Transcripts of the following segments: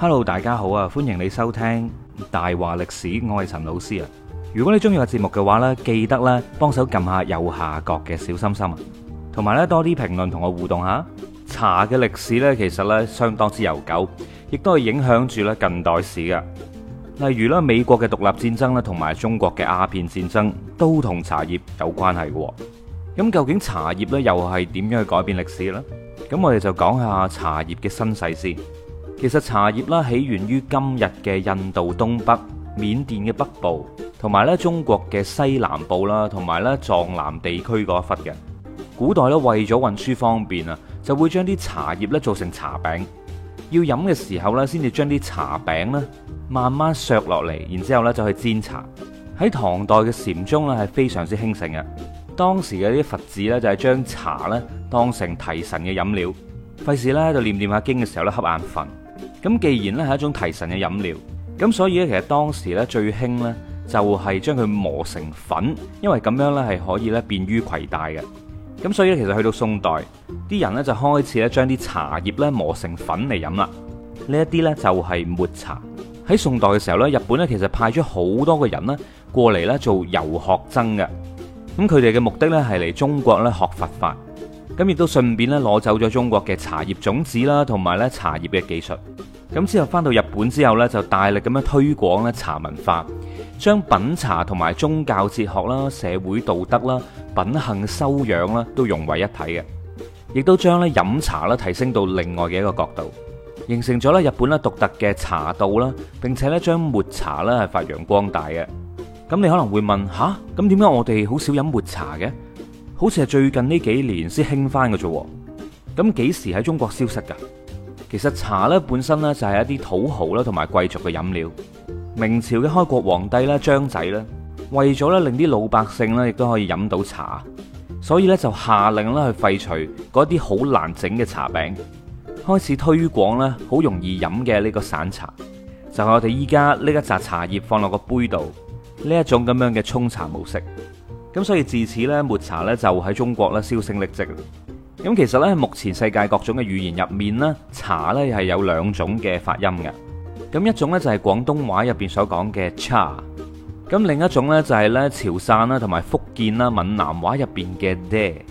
Hello，大家好啊！歡迎你收聽大話歷史，我係陳老師啊。如果你中意個節目嘅話呢，記得咧幫手撳下右下角嘅小心心啊，同埋咧多啲評論同我互動下。茶嘅歷史呢，其實呢相當之悠久，亦都係影響住咧近代史嘅。例如呢，美國嘅獨立戰爭咧，同埋中國嘅鴉片戰爭都同茶葉有關係嘅。咁、嗯、究竟茶葉呢又係點樣去改變歷史呢？咁、嗯、我哋就講下茶葉嘅身世先。其實茶葉啦，起源於今日嘅印度東北、緬甸嘅北部，同埋咧中國嘅西南部啦，同埋咧藏南地區嗰一忽嘅。古代咧為咗運輸方便啊，就會將啲茶葉咧做成茶餅。要飲嘅時候咧，先至將啲茶餅咧慢慢削落嚟，然之後咧就去煎茶。喺唐代嘅禪宗咧係非常之興盛嘅，當時嘅啲佛子咧就係將茶咧當成提神嘅飲料，費事咧就念念下經嘅時候咧瞌眼瞓。咁既然呢係一種提神嘅飲料，咁所以呢，其實當時呢最興呢，就係將佢磨成粉，因為咁樣呢係可以呢，便於攜帶嘅。咁所以呢其實去到宋代，啲人呢就開始呢將啲茶葉呢磨成粉嚟飲啦。呢一啲呢就係抹茶。喺宋代嘅時候呢，日本呢其實派咗好多個人呢過嚟呢做遊學僧嘅。咁佢哋嘅目的呢係嚟中國呢學佛法，咁亦都順便呢攞走咗中國嘅茶葉種子啦，同埋呢茶葉嘅技術。咁之後翻到日本之後呢就大力咁樣推廣咧茶文化，將品茶同埋宗教哲學啦、社會道德啦、品行修養啦都融為一體嘅，亦都將咧飲茶啦提升到另外嘅一個角度，形成咗咧日本咧獨特嘅茶道啦。並且咧將抹茶咧係發揚光大嘅。咁你可能會問吓，咁點解我哋好少飲抹茶嘅？好似係最近呢幾年先興翻嘅啫喎。咁幾時喺中國消失㗎？其實茶咧本身咧就係一啲土豪啦同埋貴族嘅飲料。明朝嘅開國皇帝咧張仔咧，為咗咧令啲老百姓咧亦都可以飲到茶，所以咧就下令咧去廢除嗰啲好難整嘅茶餅，開始推廣咧好容易飲嘅呢個散茶，就係、是、我哋依家呢一紮茶葉放落個杯度呢一種咁樣嘅沖茶模式。咁所以自此咧抹茶咧就喺中國咧銷聲匿跡。咁其實咧，目前世界各種嘅語言入面咧，茶咧係有兩種嘅發音嘅。咁一種咧就係廣東話入邊所講嘅茶，咁另一種咧就係咧潮汕啦、同埋福建啦、閩南話入邊嘅爹。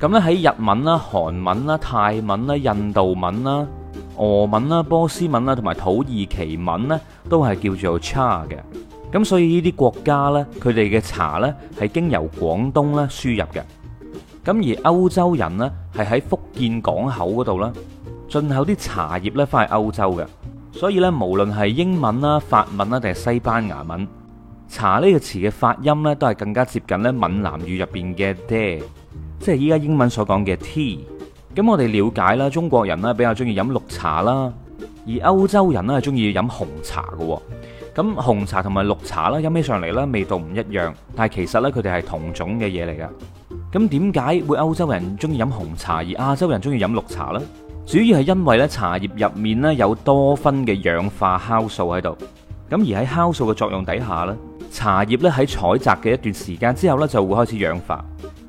咁咧喺日文啦、韓文啦、泰文啦、印度文啦、俄文啦、波斯文啦同埋土耳其文咧，都係叫做茶嘅。咁所以呢啲國家咧，佢哋嘅茶咧係經由廣東咧輸入嘅。咁而歐洲人呢，係喺福建港口嗰度啦，進口啲茶葉咧翻去歐洲嘅，所以呢，無論係英文啦、法文啦定係西班牙文，茶呢個詞嘅發音呢都係更加接近咧閩南語入邊嘅爹，即係依家英文所講嘅 tea。咁 te 我哋了解啦，中國人呢比較中意飲綠茶啦，而歐洲人呢係中意飲紅茶嘅喔。咁紅茶同埋綠茶啦，飲起上嚟呢味道唔一樣，但係其實呢，佢哋係同種嘅嘢嚟嘅。咁點解會歐洲人中意飲紅茶，而亞洲人中意飲綠茶呢？主要係因為咧，茶葉入面咧有多酚嘅氧化酵素喺度。咁而喺酵素嘅作用底下咧，茶葉咧喺採摘嘅一段時間之後咧，就會開始氧化，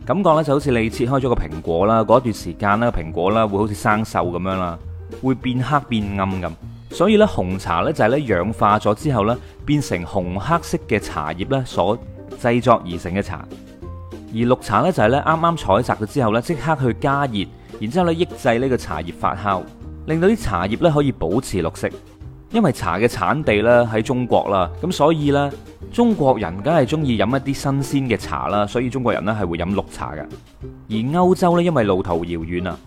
感覺咧就好似你切開咗個蘋果啦，嗰段時間啦，蘋果啦會好似生鏽咁樣啦，會變黑變暗咁。所以咧，紅茶咧就係咧氧化咗之後咧，變成紅黑色嘅茶葉咧所製作而成嘅茶。而綠茶咧就係咧啱啱採摘咗之後咧，即刻去加熱，然之後咧抑制呢個茶葉發酵，令到啲茶葉咧可以保持綠色。因為茶嘅產地咧喺中國啦，咁所以咧中國人梗係中意飲一啲新鮮嘅茶啦，所以中國人咧係會飲綠茶嘅。而歐洲咧，因為路途遙遠啊，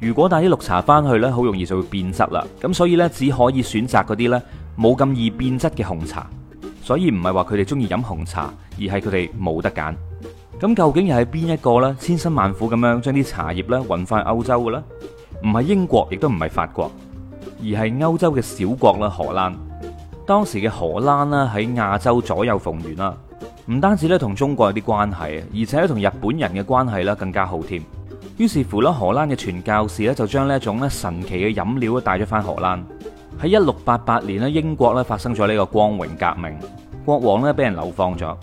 如果帶啲綠茶翻去咧，好容易就會變質啦。咁所以咧，只可以選擇嗰啲咧冇咁易變質嘅紅茶。所以唔係話佢哋中意飲紅茶，而係佢哋冇得揀。咁究竟又係邊一個呢？千辛萬苦咁樣將啲茶葉咧運翻歐洲嘅咧，唔係英國，亦都唔係法國，而係歐洲嘅小國啦，荷蘭。當時嘅荷蘭呢，喺亞洲左右逢源啦，唔單止咧同中國有啲關係，而且同日本人嘅關係啦更加好添。於是乎咧，荷蘭嘅傳教士咧就將呢一種咧神奇嘅飲料咧帶咗翻荷蘭。喺一六八八年呢，英國咧發生咗呢個光榮革命，國王呢俾人流放咗。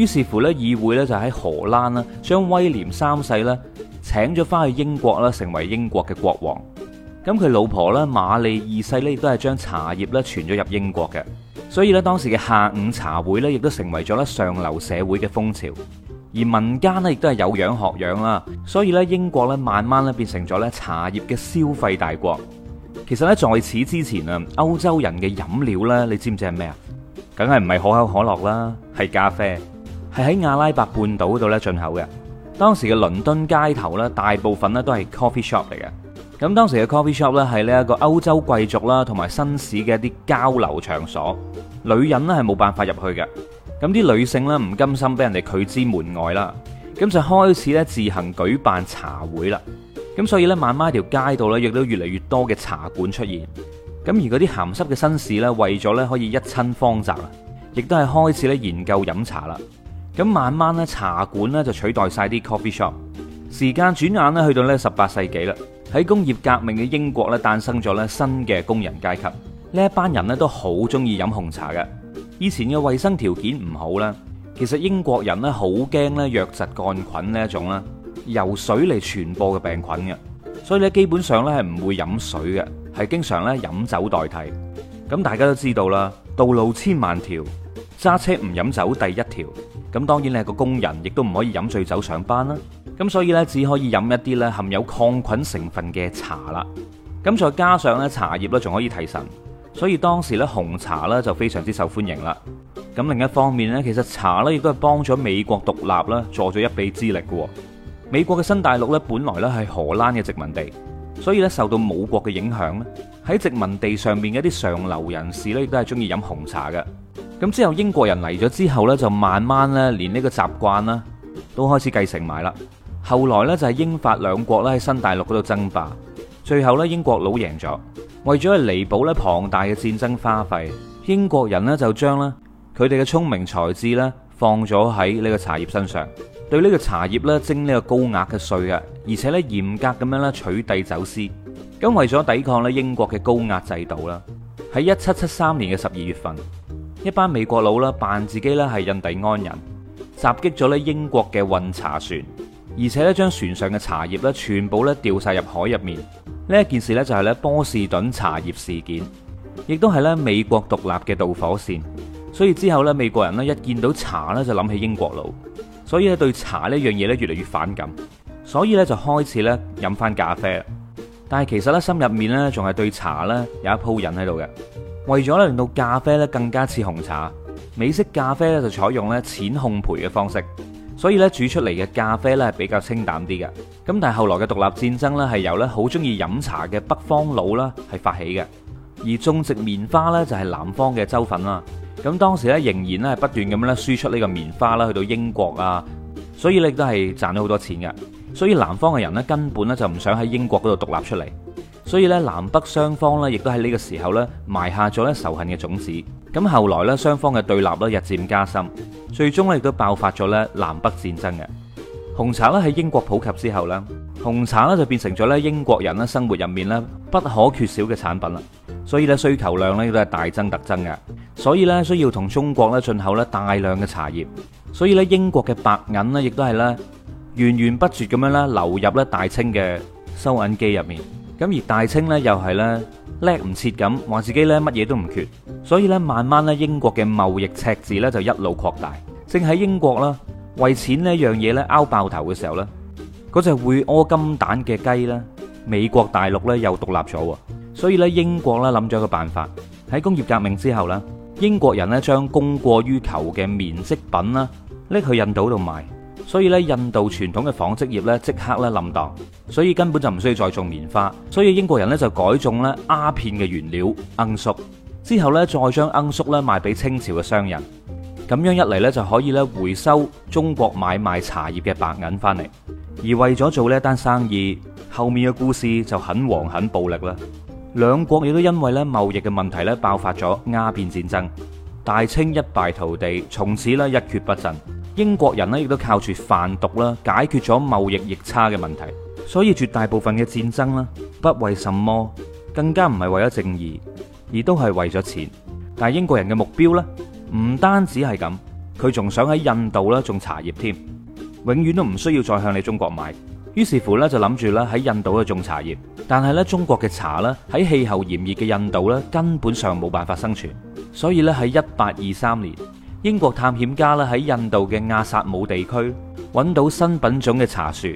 於是乎咧，議會咧就喺荷蘭啦，將威廉三世咧請咗翻去英國啦，成為英國嘅國王。咁佢老婆咧，瑪麗二世咧，亦都係將茶葉咧傳咗入英國嘅。所以咧，當時嘅下午茶會咧，亦都成為咗咧上流社會嘅風潮。而民間咧，亦都係有樣學樣啦。所以咧，英國咧，慢慢咧變成咗咧茶葉嘅消費大國。其實咧，在此之前啊，歐洲人嘅飲料咧，你知唔知係咩啊？梗係唔係可口可樂啦，係咖啡。係喺阿拉伯半島度咧進口嘅。當時嘅倫敦街頭咧，大部分咧都係 coffee shop 嚟嘅。咁當時嘅 coffee shop 咧，係呢一個歐洲貴族啦同埋紳士嘅一啲交流場所。女人咧係冇辦法入去嘅。咁啲女性咧唔甘心俾人哋拒之門外啦，咁就開始咧自行舉辦茶會啦。咁所以咧，慢慢一條街道咧亦都越嚟越多嘅茶館出現。咁而嗰啲鹹濕嘅紳士咧，為咗咧可以一親芳澤，亦都係開始咧研究飲茶啦。咁慢慢咧，茶館咧就取代晒啲 coffee shop。時間轉眼咧，去到咧十八世紀啦。喺工業革命嘅英國咧，誕生咗咧新嘅工人階級，呢一班人咧，都好中意飲紅茶嘅。以前嘅衛生條件唔好啦，其實英國人咧好驚咧瘧疾桿菌呢一種啦，由水嚟傳播嘅病菌嘅，所以咧基本上咧係唔會飲水嘅，係經常咧飲酒代替。咁大家都知道啦，道路千萬條，揸車唔飲酒第一條。咁當然你係個工人，亦都唔可以飲醉酒上班啦。咁所以呢，只可以飲一啲呢含有抗菌成分嘅茶啦。咁再加上呢，茶葉呢仲可以提神，所以當時呢，紅茶呢就非常之受歡迎啦。咁另一方面呢，其實茶呢亦都係幫咗美國獨立啦，助咗一臂之力嘅。美國嘅新大陸呢，本來呢係荷蘭嘅殖民地，所以呢，受到母國嘅影響呢，喺殖民地上面嘅一啲上流人士呢，亦都係中意飲紅茶嘅。咁之後英國人嚟咗之後呢，就慢慢呢，連呢個習慣啦，都開始繼承埋啦。後來呢，就係英法兩國咧喺新大陸嗰度爭霸，最後呢，英國佬贏咗。為咗係彌補咧龐大嘅戰爭花費，英國人呢，就將呢佢哋嘅聰明才智呢放咗喺呢個茶葉身上，對呢個茶葉呢徵呢個高額嘅稅啊，而且呢嚴格咁樣呢取締走私。咁為咗抵抗呢英國嘅高壓制度啦，喺一七七三年嘅十二月份。一班美國佬咧，扮自己咧係印第安人，襲擊咗咧英國嘅運茶船，而且咧將船上嘅茶葉咧全部咧掉晒入海入面。呢一件事咧就係咧波士頓茶葉事件，亦都係咧美國獨立嘅導火線。所以之後咧，美國人咧一見到茶咧就諗起英國佬，所以咧對茶呢樣嘢咧越嚟越反感，所以咧就開始咧飲翻咖啡。但係其實咧心入面咧仲係對茶咧有一鋪癮喺度嘅。為咗咧令到咖啡咧更加似紅茶，美式咖啡咧就採用咧淺烘焙嘅方式，所以咧煮出嚟嘅咖啡咧係比較清淡啲嘅。咁但係後來嘅獨立戰爭咧係由咧好中意飲茶嘅北方佬啦係發起嘅，而種植棉花咧就係南方嘅州份啦。咁當時咧仍然咧係不斷咁咧輸出呢個棉花啦去到英國啊，所以咧都係賺咗好多錢嘅。所以南方嘅人咧根本咧就唔想喺英國度獨立出嚟。所以咧，南北雙方咧，亦都喺呢個時候咧埋下咗咧仇恨嘅種子。咁後來咧，雙方嘅對立咧日漸加深，最終咧亦都爆發咗咧南北戰爭。紅茶咧喺英國普及之後啦，紅茶咧就變成咗咧英國人咧生活入面咧不可缺少嘅產品啦。所以咧需求量咧都係大增特增嘅，所以咧需要同中國咧進口咧大量嘅茶葉，所以咧英國嘅白銀咧亦都係咧源源不絕咁樣咧流入咧大清嘅收銀機入面。咁而大清咧又係咧叻唔切咁，話自己咧乜嘢都唔缺，所以咧慢慢咧英國嘅貿易赤字咧就一路擴大。正喺英國啦為錢呢樣嘢咧拗爆頭嘅時候咧，嗰隻會屙金蛋嘅雞啦，美國大陸咧又獨立咗喎，所以咧英國咧諗咗個辦法，喺工業革命之後啦，英國人咧將供過於求嘅棉織品啦拎去印度度賣，所以咧印度傳統嘅紡織業咧即刻咧冧檔。所以根本就唔需要再種棉花，所以英國人咧就改種咧鴉片嘅原料罌粟，之後咧再將罌粟咧賣俾清朝嘅商人，咁樣一嚟咧就可以咧回收中國買賣茶葉嘅白銀翻嚟。而為咗做呢一單生意，後面嘅故事就很黃很暴力啦。兩國亦都因為咧貿易嘅問題咧爆發咗鴉片戰爭，大清一敗塗地，從此咧一蹶不振。英國人咧亦都靠住販毒啦解決咗貿易逆差嘅問題。所以絕大部分嘅戰爭啦，不為什麼，更加唔係為咗正義，而都係為咗錢。但係英國人嘅目標呢，唔單止係咁，佢仲想喺印度咧種茶葉添，永遠都唔需要再向你中國買。於是乎呢，就諗住咧喺印度啊種茶葉。但係呢中國嘅茶呢，喺氣候炎熱嘅印度呢，根本上冇辦法生存。所以咧喺一八二三年，英國探險家咧喺印度嘅亞薩姆地區揾到新品種嘅茶樹。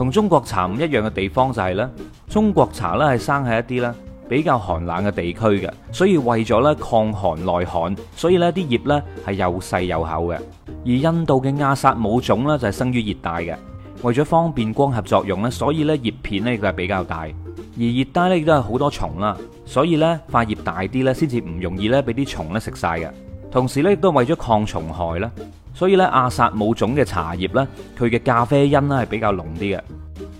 同中國茶唔一樣嘅地方就係呢，中國茶呢係生喺一啲呢比較寒冷嘅地區嘅，所以為咗呢抗寒耐寒，所以呢啲葉呢係又細又厚嘅。而印度嘅亞薩姆種呢，就係生於熱帶嘅，為咗方便光合作用呢，所以呢葉片呢佢係比較大。而熱帶呢亦都係好多蟲啦，所以呢發葉大啲呢，先至唔容易呢俾啲蟲呢食晒嘅。同時咧，亦都為咗抗蟲害啦，所以咧阿薩姆種嘅茶葉咧，佢嘅咖啡因咧係比較濃啲嘅。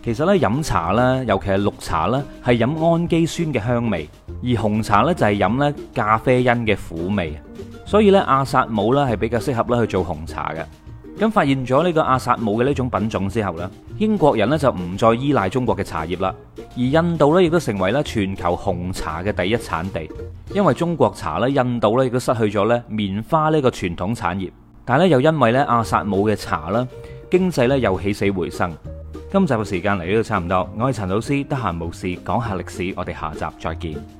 其實咧飲茶咧，尤其係綠茶咧，係飲氨基酸嘅香味；而紅茶咧就係飲咧咖啡因嘅苦味。所以咧阿薩姆咧係比較適合咧去做紅茶嘅。咁發現咗呢個阿薩姆嘅呢種品種之後咧。英國人咧就唔再依賴中國嘅茶葉啦，而印度咧亦都成為咧全球紅茶嘅第一產地，因為中國茶咧，印度咧亦都失去咗咧棉花呢個傳統產業，但係咧又因為咧阿薩姆嘅茶啦，經濟咧又起死回生。今集嘅時間嚟呢度差唔多，我係陳老師，得閒無事講下歷史，我哋下集再見。